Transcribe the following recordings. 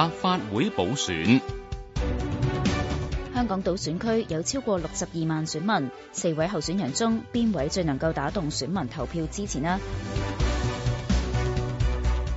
立法會補選，香港島選區有超過六十二萬選民，四位候選人中，邊位最能夠打動選民投票支持呢？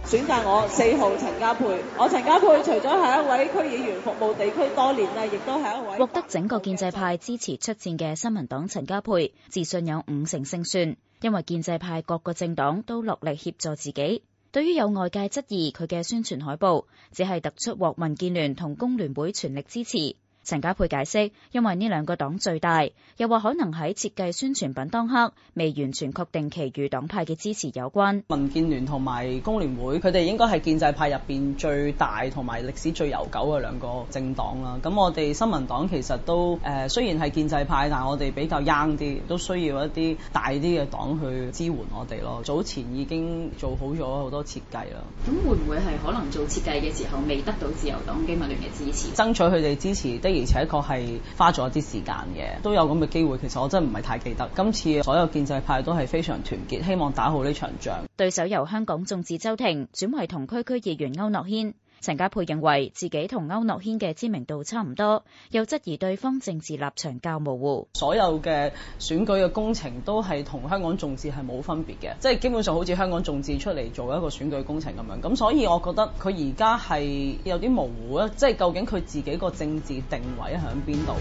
選擇我四號陳家珮，我陳家珮除咗係一位區議員服務地區多年，亦都係一位獲得整個建制派支持出戰嘅新民黨陳家珮，自信有五成勝算，因為建制派各個政黨都落力協助自己。對於有外界質疑佢嘅宣傳海報，只係突出獲民建聯同工聯會全力支持。陳家佩解釋，因為呢兩個黨最大，又或可能喺設計宣傳品當刻未完全確定其餘黨派嘅支持有關。民建聯同埋工聯會，佢哋應該係建制派入邊最大同埋歷史最悠久嘅兩個政黨啦。咁我哋新民黨其實都誒、呃，雖然係建制派，但係我哋比較 young 啲，都需要一啲大啲嘅黨去支援我哋咯。早前已經做好咗好多設計啦。咁會唔會係可能做設計嘅時候未得到自由黨、經民聯嘅支持，會會支持爭取佢哋支持的？而且確係花咗啲時間嘅，都有咁嘅機會。其實我真係唔係太記得。今次所有建制派都係非常團結，希望打好呢場仗。對手由香港眾志周庭轉為同區區議員區諾軒。陳家珮認為自己同區諾軒嘅知名度差唔多，又質疑對方政治立場較模糊。所有嘅選舉嘅工程都係同香港眾志係冇分別嘅，即係基本上好似香港眾志出嚟做一個選舉工程咁樣。咁所以我覺得佢而家係有啲模糊啊，即係究竟佢自己個政治定位喺邊度？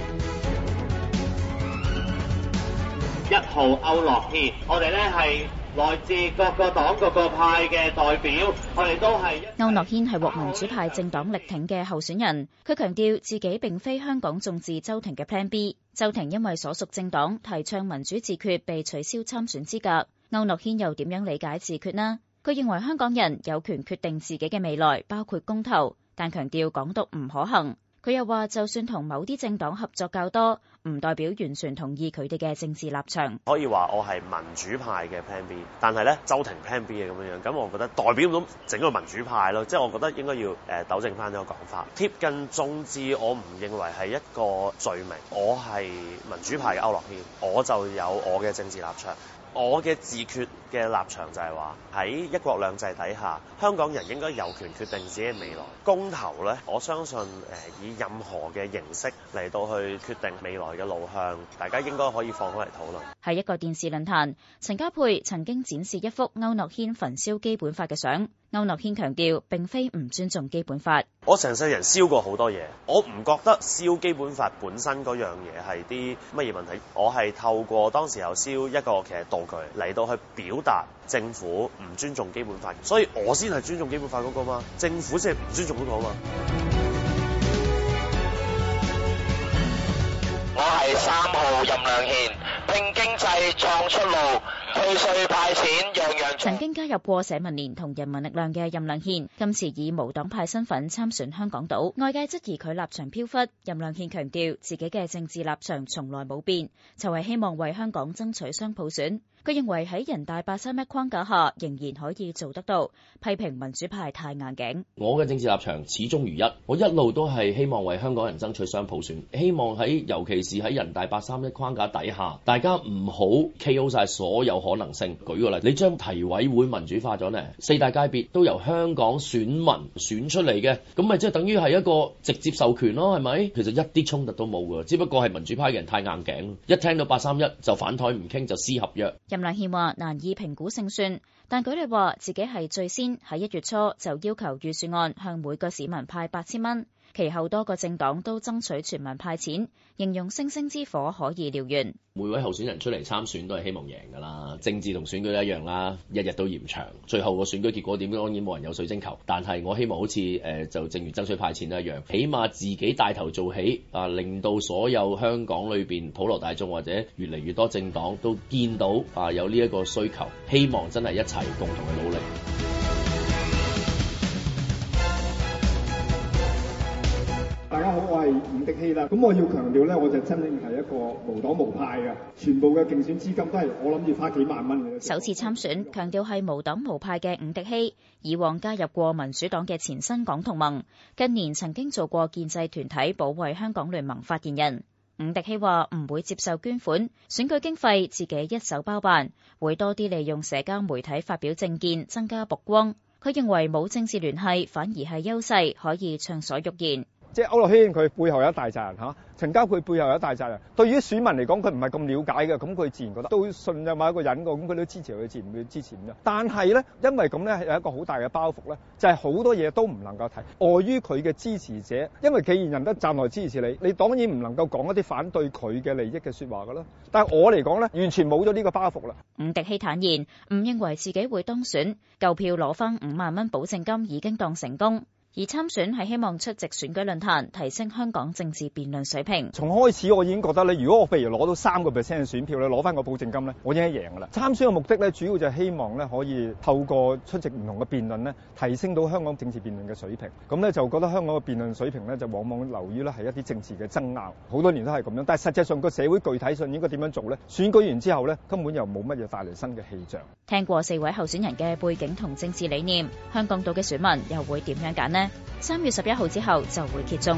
一號區諾軒，我哋咧係。來自各個黨各個派嘅代表，我哋都係區諾軒係獲民主派政黨力挺嘅候選人。佢強調自己並非香港眾志周庭嘅 Plan B。周庭因為所屬政黨提倡民主自決被取消參選資格。區諾軒又點樣理解自決呢？佢認為香港人有權決定自己嘅未來，包括公投，但強調港獨唔可行。佢又話，就算同某啲政黨合作較多，唔代表完全同意佢哋嘅政治立場。可以話我係民主派嘅 Plan B，但係咧，周庭 Plan B 嘅咁樣樣，咁我覺得代表唔到整個民主派咯。即係我覺得應該要誒糾、呃、正翻呢個講法。貼近眾志，我唔認為係一個罪名。我係民主派嘅區諾軒，我就有我嘅政治立場，我嘅自決。嘅立場就係話喺一國兩制底下，香港人應該有權決定自己嘅未來。公投呢，我相信誒以任何嘅形式嚟到去決定未來嘅路向，大家應該可以放開嚟討論。喺一個電視論壇，陳家珮曾經展示一幅區諾軒焚燒基本法嘅相。的區諾軒強調，並非唔尊重基本法。我成世人燒過好多嘢，我唔覺得燒基本法本身嗰樣嘢係啲乜嘢問題。我係透過當時候燒一個其實道具嚟到去表達政府唔尊重基本法，所以我先係尊重基本法嗰個嘛。政府先係唔尊重嗰個嘛。我係三。任亮憲拼經濟創出路，退稅派錢。曾經加入過社民連同人民力量嘅任亮憲，今次以無黨派身份參選香港島，外界質疑佢立場飄忽。任亮憲強調自己嘅政治立場從來冇變，就係希望為香港爭取雙普選。佢認為喺人大八三一框架下，仍然可以做得到。批評民主派太硬頸，我嘅政治立場始終如一，我一路都係希望為香港人爭取雙普選，希望喺尤其是喺人大八三一。框架底下，大家唔好 KO 晒所有可能性。舉個例，你將提委會民主化咗呢四大界別都由香港選民選出嚟嘅，咁咪即係等於係一個直接授權咯，係咪？其實一啲衝突都冇嘅，只不過係民主派嘅人太硬頸，一聽到八三一就反枱唔傾就撕合約。任亮憲話難以評估勝算，但舉例話自己係最先喺一月初就要求預算案向每個市民派八千蚊。其後多個政黨都爭取全民派錢，形容星星之火可以燎原。每位候選人出嚟參選都係希望贏噶啦，政治同選舉都一樣啦，一日都嫌長。最後個選舉結果點樣，當然冇人有水晶球。但係我希望好似誒，就正如爭取派錢一樣，起碼自己帶頭做起啊，令到所有香港裏邊普羅大眾或者越嚟越多政黨都見到啊有呢一個需求，希望真係一齊共同去努力。係伍廸希啦，咁我要強調咧，我就真正係一個無黨無派嘅，全部嘅競選資金都係我諗住花幾萬蚊。首次參選，強調係無黨無派嘅伍廸希，以往加入過民主黨嘅前身港同盟，近年曾經做過建制團體保衞香港聯盟發言人。伍廸希話唔會接受捐款，選舉經費自己一手包辦，會多啲利用社交媒體發表政見，增加曝光。佢認為冇政治聯繫反而係優勢，可以暢所欲言。即係區諾軒佢背後有一大責任吓，陳、啊、家珮背後有一大責任。對於選民嚟講，佢唔係咁了解嘅，咁佢自然覺得都信任某一個人嘅，咁佢都支持佢，自然會支持咁樣。但係咧，因為咁咧係有一個好大嘅包袱咧，就係、是、好多嘢都唔能夠提。礙於佢嘅支持者，因為既然人都站內支持你，你當然唔能夠講一啲反對佢嘅利益嘅說話噶啦。但係我嚟講咧，完全冇咗呢個包袱啦。伍廸希坦言，唔認為自己會當選，夠票攞翻五萬蚊保證金已經當成功。而參選係希望出席選舉論壇，提升香港政治辯論水平。從開始我已經覺得咧，如果我譬如攞到三個 percent 嘅選票咧，攞翻個保證金咧，我已經贏噶啦。參選嘅目的咧，主要就係希望咧，可以透過出席唔同嘅辯論咧，提升到香港政治辯論嘅水平。咁咧就覺得香港嘅辯論水平咧，就往往流於咧係一啲政治嘅爭拗，好多年都係咁樣。但係實際上個社會具體上應該點樣做咧？選舉完之後咧，根本又冇乜嘢帶嚟新嘅氣象。聽過四位候選人嘅背景同政治理念，香港島嘅選民又會點樣揀呢？三月十一號之後就會揭盅。